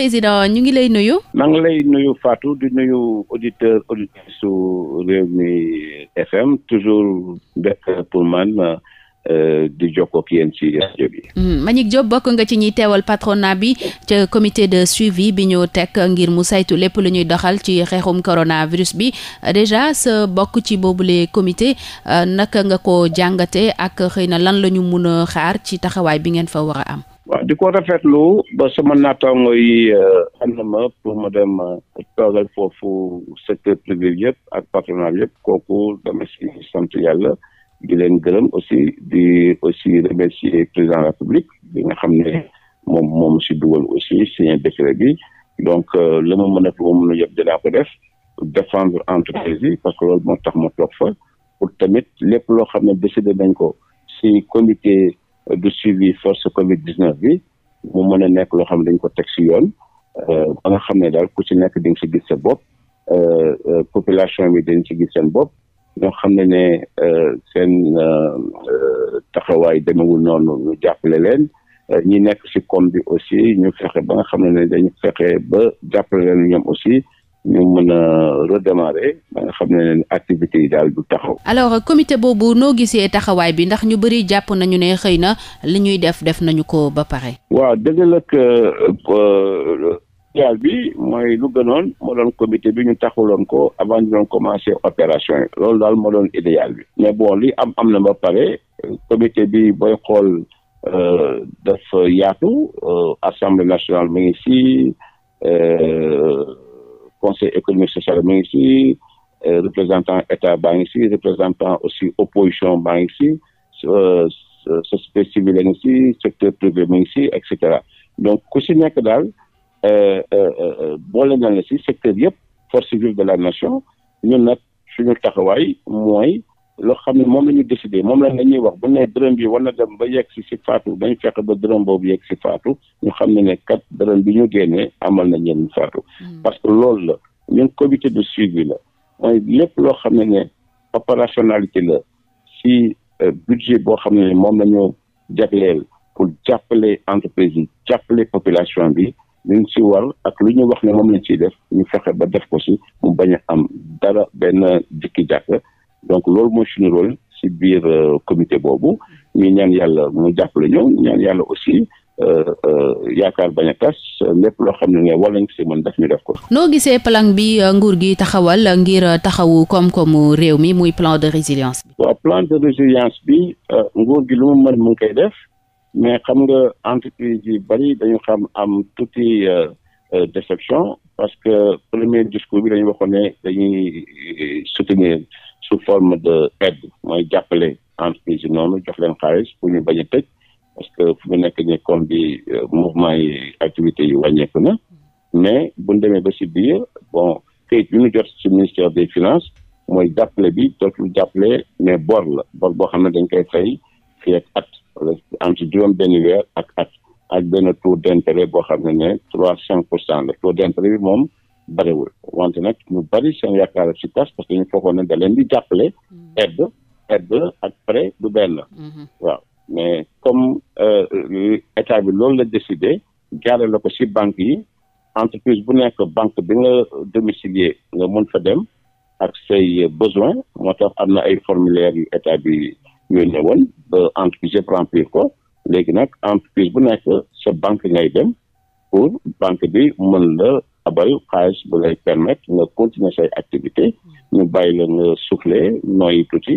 président ñu ngi lay nuyu. maa ngi lay nuyu Fatou du nuyu auditeur auditrice su Rewmi FM toujours bekk pour man. Euh, di jokkoo ak ci rajo bi. Mbagnick hmm, Diop bokk nga ci ñiy teewal patronat bi ca comité de suivi bi ñu teg ngir mu saytu lépp lu ñuy doxal ci xeexum coronavirus bi déjà sa bokk ci boobu boobule comité euh, naka nga ko jàngate ak xëy na lan la ñu mun a xaar ci taxawaay bi ngeen fa war a am. waa di ko rafetlu ba sama naataango yi xam euh, na ma pour ma dem euh, toogal foofu secteur privé bi yëpp ak patronat bi yëpp kooku dama si sant yàlla di leen gërëm aussi di aussi remercier président de la République bi nga xam ne moom moom si dugal aussi signé décret bi donc euh, la ma mën a fi ma mën ko def défendre entreprise yi parce que loolu moo tax ma toog fa pour tamit lépp loo xam ne décidé nañ ko si comité du suivi force Covid 19 bi mu mën a nekk loo xam ne dañ ko teg si yoon euh, ba nga xam ne daal ku si nekk di nga si gis sa bopp euh, euh, population bi dañ si gis seen bopp ñoo xam ne ne seen taxawaay demewul noonu ñu jàppale leen ñi nekk si koom bi aussi ñu fexe ba nga xam ne ne dañu fexe ba jàppale leen ñoom aussi. ñu mën a redémarrer ba nga xam ne activités yi daal du taxaw. alors comité boobu noo gisee taxawaay bi ndax ñu bëri jàpp nañu ne xëy na li ñuy def def nañu ko ba pare. waaw dëgg la euh, euh, bi mooy lu gënoon moo doon comité bi ñu taxuloon ko avant ñu doon commencé opération yi loolu daal moo doon idéal bi mais bon li am am na ba pare comité bi booy xool euh, dafa yaatu assemblée nationale mi ngi si. conseil économique social mi ngi si représentant état baa ngi si représentant aussi opposition baa ngi si euh, société civile a ngi si secteur privé mi ngi si et cetera donc ku si nekk daal euh, euh, boole na la si secteur yëpp force vive de la nation ñun nag suñu taxawaay mooy loo xam ne moom la ñu décidé moom la mm. ñuy wax ba ne dërëm bi war na dem ba yegg si si faatu dañ fexe ba dërëm boobu yegg si faatu ñu xam ne ne kat dërëm bi ñu génnee amal na ñenn faatu. Mm. parce que loolu la ñun comité de suivi la mooy lépp loo xam ne ne opérationnalité la si euh, budget boo xam ne moom la ñu jagleel pour jàppale entreprise yi jàppale population bi luñ si war ak lu ñu wax ne moom lañ ciy def ñu fexe ba def ko si mu bañ a am dara benn jikki jàkk donc loolu mooy suñu rôle ci biir euh, comité boobu ñu ñaan yàlla mu jàppale ñëw ñaan yàlla aussi euh, euh, yaakaar bañ a tas lépp loo xam ne war nañ si mën def ñu def ko. noo gisee plan bi nguur gi taxawal ngir taxawu koom-koomu réew mi muy plan de résilience bi. waaw plan de résilience bi nguur gi lu mu mën mu ngi koy def mais xam nga entreprise yi bari dañu xam am tuuti déception parce que premier discours bi dañu waxoon ne dañuy soutenir. sous forme de aide mooy jàppale entreprise yi noonu jox leen xaalis pour ñu bañ a tëj parce que fu mu nekk ni comme bi euh, mouvement yi activités yi wàññeeku na mais bu ñu demee ba si biir bon këyit bi ñu jox si ministère des finance mooy jàppale bi dootul jàppale mais bor la bor boo xam ne dañ koy fay fii ak at wala entre juróom benn weer ak at ak benn taux d' boo xam ne ne trois cinq pour cent la taux d' bi moom bariwul wante nag ñu bari seen yaakaar ci tas parce que ñu foogoon ne da leen di jàppale. Mm. aide aide ak prêt du benn. Mm-hmm. waaw mais comme euh, état bi loolu la décidé jaare la ko ci banque yi entreprise bu nekk banque bi nga domicilier nga mën fa dem ak say besoin moo tax am na ay formulaire yu état bi yónnee woon entreprise yëpp remplir ko léegi nag entreprise bu nekk sa banque ngay dem pour banque bi mën la. abal xaalis bu lay permettre nga continuer say activité ñu bàyyi la nga souffler nooyi tuuti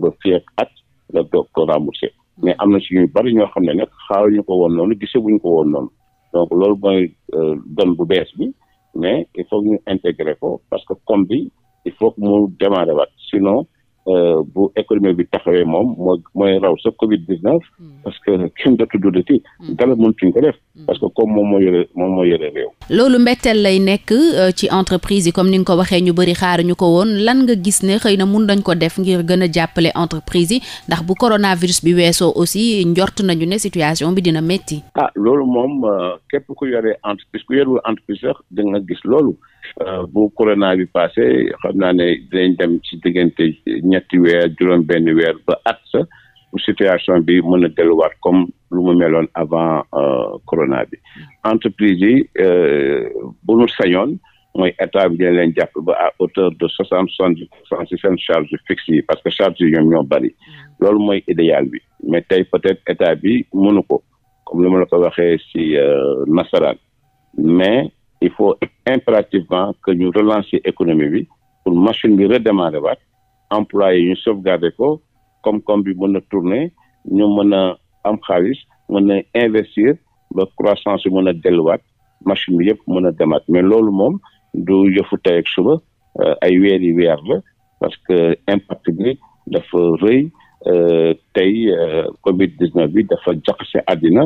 ba fii ak at nga doog ko rembourser mais am na ci ñu bari ñoo xam ne nag xaaruñu ko woon noonu gisee buñ ko woon noonu donc loolu mooy euh, don bu bees bi mais il faut ñu intégrer ko parce que comme bi il faut que mu démarrer waat sinon Euh, bu économie bi taxawee moom mooy raw sa Covid 19. Hmm. parce que kenn dootu dundati. Hmm. dara mëntuñ ko def. Hmm. parce que comme moom moo yore moom moo yore réew. loolu mbetteel lay nekk euh, ci entreprise yi comme ni nga ko waxee ñu bëri xaar ñu ko woon lan nga gis ne xëy na mun nañ ko def ngir gën a jàppale entreprise yi ndax bu coronavirus bi weesoo aussi njort nañu ne situation bi dina métti. ah loolu moom euh, képp ku yore entreprise ku yorewul entreprise sax gis loolu. Euh, bu corona bi passé xam naa ne dinañ dem ci diggante ñetti weer juróom benn weer ba at pour situation bi mën a delluwaat comme lu mu meloon avant euh, corona bi entreprise yi euh, bu nu sañoon mooy état bi dina leen jàpp ba a hauteur de soixante soixante dix pour cent ci charge fixe yi parce que charge yi ñoom ñoo bari loolu mooy idéal bi mais tey peut-être état bi mënu ko comme li ma la ko waxee ci nasaraan mais il faut impérativement que ñu relancer économie bi pour machine bi redémarrer waat employé ñu sauvegarder ko koom-koom bi mën a tourner ñu mën a am xaalis mën na investir ba croissance bi mën a delluwaat machine bi yëpp mën a demaat mais loolu moom du yëfu tey ak suba euh, ay weer yi weer la parce que impact bi dafa rëy euh, tey euh, Covid 19 bi dafa jaxase àddina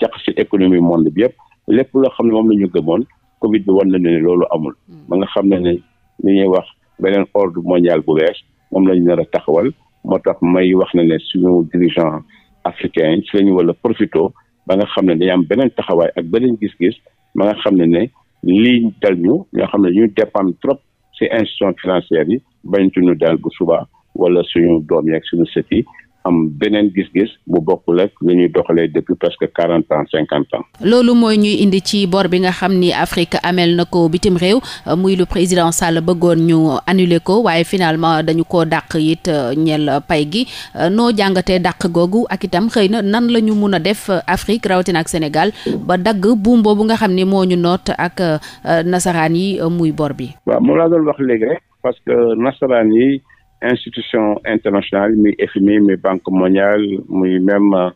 jaxase économie monde bi yëpp lépp loo xam ne moom la ñu gëmoon. Covid bi wan na ne loolu amul. Hmm. ba nga xam ne ne li ñuy wax beneen ordre mondial bu bees moom lañu nar a taxawal moo tax may wax na ne suñu dirigeant africain ci la wala profito ba nga xam ne dañu am beneen taxawaay ak beneen gis-gis ma nga xam ne ne lii dal ñu ñoo xam ne ñu dépendre trop ci institutions financières yi bañ ñu daal bu subaa wala suñu doom yeeg suñu sët yi am beneen gis-gis bu bokkul ak lu ñuy doxalee depuis presque quarante ans cinquante ans. loolu mooy ñuy indi ci bor bi nga xam ni Afrique ameel na ko bitim réew muy lu président Sall bëggoon ñu annuler ko waaye finalement dañu ko dàq it ñeel pay gi noo jàngatee dàq googu ak itam xëy na nan la ñu mun a def Afrique rawatina ak Sénégal ba dagg buum boobu nga xam ni moo ñu noot ak nasaraan yi muy bor bi. waaw moom laa doon wax léegi rek parce que nasaraan yi. institution internationale muy FMI muy Banque mondiale muy même euh,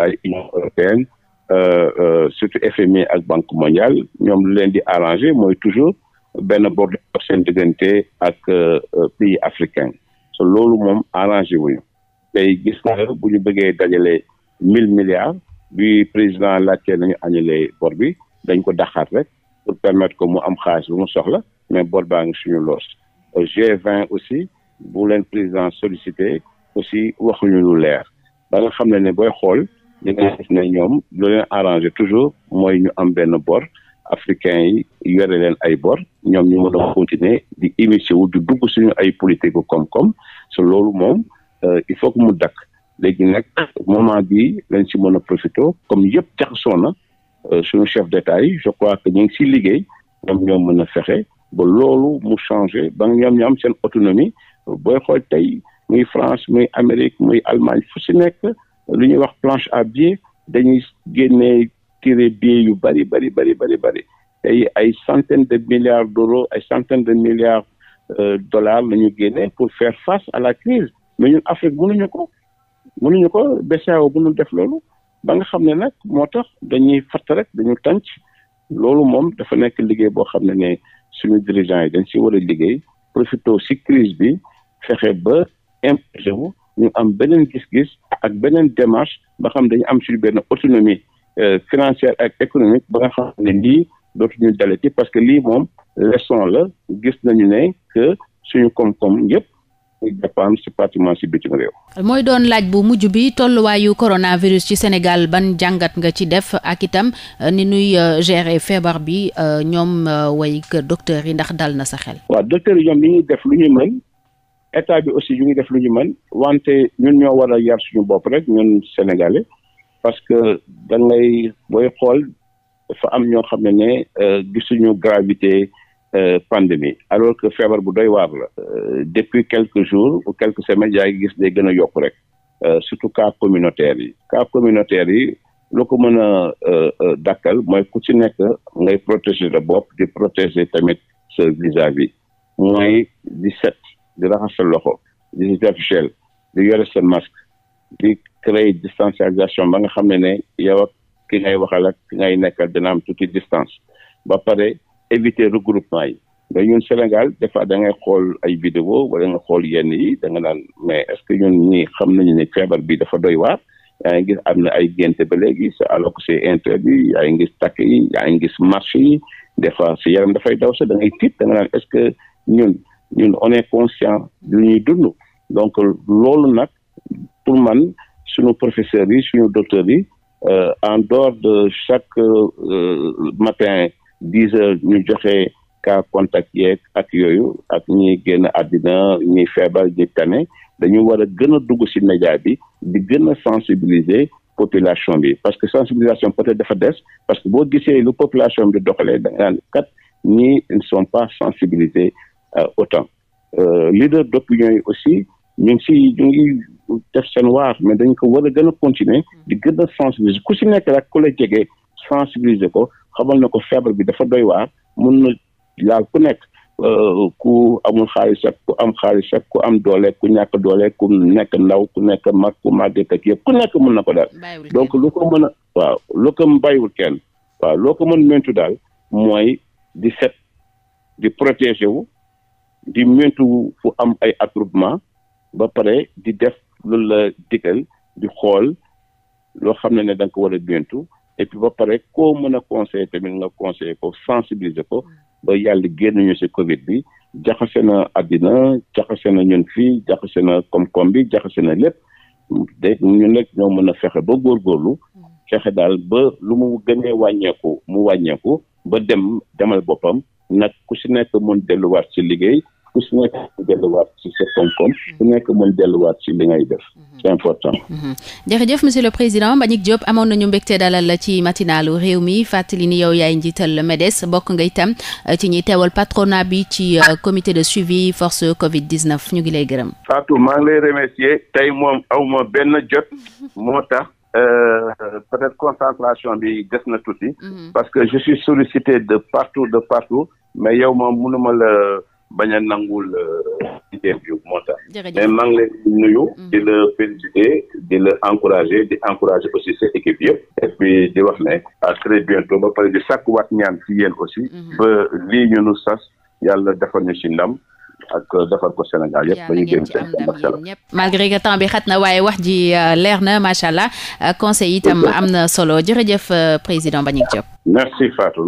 ay Union européenne euh, euh, surtout FMI ak Banque mondiale ñoom lu leen di arranger mooy toujours benn bord seen diggante ak pays africain so loolu moom arrangé wuñu tey gis nga bu ñu bëggee dajale mille milliards bi président laajtee nañu annulé bor bi dañ ko daxaat rek pour permettre que mu am xaalis bu mu soxla mais bor baa suñu loos g aussi bu leen président sollicité aussi waxuñu lu leer ba nga xam ne ne booy xool li nga ne ñoom lu arrangé toujours mooy ñu am benn bor africain yi yore leen ay bor ñoom ñu mën a continuer di émission wu di dugg suñu ay politique bu koom-koom loolu moom euh, il faut que mu dakk léegi nag moment bi lañ si mën a profité comme yëpp jaxasoo na euh, suñu chef d'état yi je crois que ñu ngi si liggéey ñoom ñoo mën a fexe ba loolu mu changé ba ñoom ñu am seen autonomie booy xool tey muy France muy Amérique muy Allemagne fu si nekk lu ñuy wax planche à billets dañuy génne tiré billets yu bari bari bari bari bari tey ay centaines de milliards d'euros ay centaines de milliards euh, dollars la ñu génnee pour faire face à la crise mais ñun Afrique mënuñu ko mënuñu ko BCEAO mënul def loolu ba nga xam ne nag moo tax dañuy fatt rek dañu tànc loolu moom dafa nekk liggéey boo xam ne ne suñu dirigeants yi dañ si war liggéey profité si crise bi fexe ba imposé ñu am beneen gis-gis ak beneen démarche ba xam dañu am sur benn autonomie euh, financière ak économique ba nga xam ne lii dootuñu dalati parce que lii moom leçon la gis nañu ne que suñu koom-koom yëpp muy dépense pratiquement si bitim mooy doon laaj bu mujj bi tolluwaayu coronavirus ci Sénégal ban jàngat nga ci def ak itam euh, ni nuy euh, gérer feebar bi euh, ñoom way kër docteur yi ndax dal na sa xel. waaw docteur yi ñoom li ñuy def lu ñu mën état bi aussi ñu ngi def lu ñu mën wante ñun ñoo war a yar suñu bopp rek ñun sénégalais parce que da ngay booy xool dafa am ñoo xam ne ne gisuñu gravité. Euh, pandémie alors que feebar bu doy waar la. Euh, depuis quelques jours ou quelques semaines yaa gis day gën a yokk rek euh, surtout cas communautaire yi. cas communautaire yi loo ko mën a dakkal mooy ku si nekk ngay protéger la bopp di protéger tamit sa vis-à-vis mooy di set di raxas sa loxo di si def gel di yore sa masque di créer distanciation ba nga xam ne ne yow ak ki ngay waxal ak ki ngay nekkal dina am tuuti distance ba pare. éviter regroupement yi mais ñun Sénégal des fois da ngay xool ay vidéo wala nga xool yenn yi da nga naan mais est que ñun ñii xam nañu ne feebar bi dafa doy waar yaa ngi am na ay gente ba léegi c'est alors que c'est interdit yaa ngi takk yi yaa ngi gis marché yi des fois si yaram dafay daw sax da ngay tiit da nga naan est ñun ñun on est conscient lu ñuy dund donc loolu nag pour man suñu professeurs yi suñu docteurs yi euh, en dehors de chaque euh, matin dix heures ñu joxe ka contact yeeg ak yooyu ak ñi génn àddina ñi feebar ñi tane dañu war a gën a dugg ci média bi di gën a sensibiliser population bi parce que sensibilisation peut-être dafa des parce que boo gisee lu population bi doxalee da nga naan kat ñi ne sont pas sensibilisés euh, autant euh, leader d'opinion yi aussi ñu ngi si ñu ngi def seen waar mais dañ ko war a gën a continuer di gën a sensibiliser ku si nekk rek ku la jege sensibiliser ko xamal na ko feebar bi dafa doy waar mun na laal ku nekk euh, ku amul xaalis ak ku am xaalis ak ku am doole ku ñàkk doole ku nekk ndaw ku nekk mag ku màgget ak yëpp ku nekk mun na ko daal donc lu ko mën a waaw lu ko bàyyiwul kenn waaw loo ko mën mentu daal mooy di set di protéger wu di mentu fu am ay attroupement ba pare di def loolu la digal di xool loo xam ne ne da ko war a mentu et puis ba pare koo mën a conseiller tamit nga conseiller ko sensibiliser ko ba yàlla génn ñu ci Covid bi jaxase na àddina jaxase na ñun fii jaxase na koom-koom bi jaxase na lépp de ñun ñoo mën a fexe ba góor góorgóorlu fexe daal ba lu mu gënee wàññeeku mu wàññeeku ba dem demal boppam nag ku ci nekk mun delluwaat ci liggéey ku si nekk delluwaat ci sa koom-koom mhm. nekk mën delluwaat ci li ngay def mhm. c'est important mhm. jërëjëf monsieur le président Mbagnick Diop amoon nañu mbégte dalal la ci matinalu réew mi fàttali ni yow yaay njiital MEDES bokk nga itam euh, ci ñuy teewal patronat bi ci euh, comité de suivi force covid 19 ñu ngi lay gërëm Fatou maa ngi lay remercier tey moom awma benn jot moo tax Euh, peut-être concentration bi des na tuuti. parce que je suis sollicité de partout bañ a nangul euh, interview moo tax mais maa ngi di nuyu mm-hmm. di la féliciter di la encourager di encourager aussi cette équipe yëpp di wax ne à très bientôt ba pare di wat ñaan fi yéen aussi mm-hmm. ba lii ñu nu sas yàlla defal ñu ci ndam ak defal ko Sénégal yëpp ba ñu génn malgré que temps bi xat na waaye wax ji euh, leer na macha allah euh, conseil itam am na solo jërëjëf président Mbagnick Diop merci Fatou